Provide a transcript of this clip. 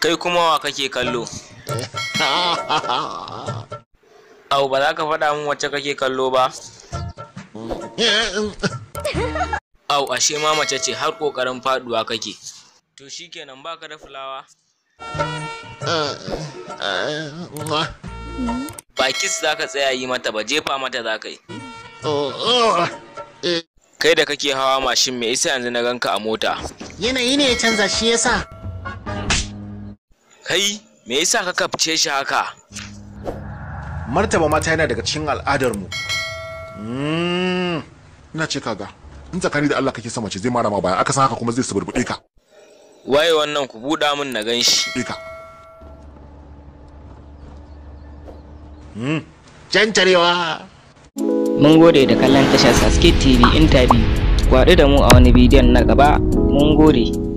kai kuma wa kake kallo au ba za ka faɗa min wacce kake kallo ba au ashe ma mace ce har ƙoƙarin faɗuwa kake to shikenan baka da fulawa ba kis za ka tsaya yi mata ba jefa mata za ka yi kai da kake hawa mashin mai isa yanzu na ganka a mota yanayi ne ya canza shi yasa kai me yasa ka kafce shi haka martaba mata yana daga cikin al'adar mu hmm. ina ce kaga in tsakani da Allah kake sama ce zai mara ma baya aka san haka kuma zai suburbuɗe ka waye wannan ku buɗa min na gan shi Ika. Hmm. cancarewa mun gode da kallon tashar saske tv interview kwaɗu da mu a wani bidiyon na gaba mun gode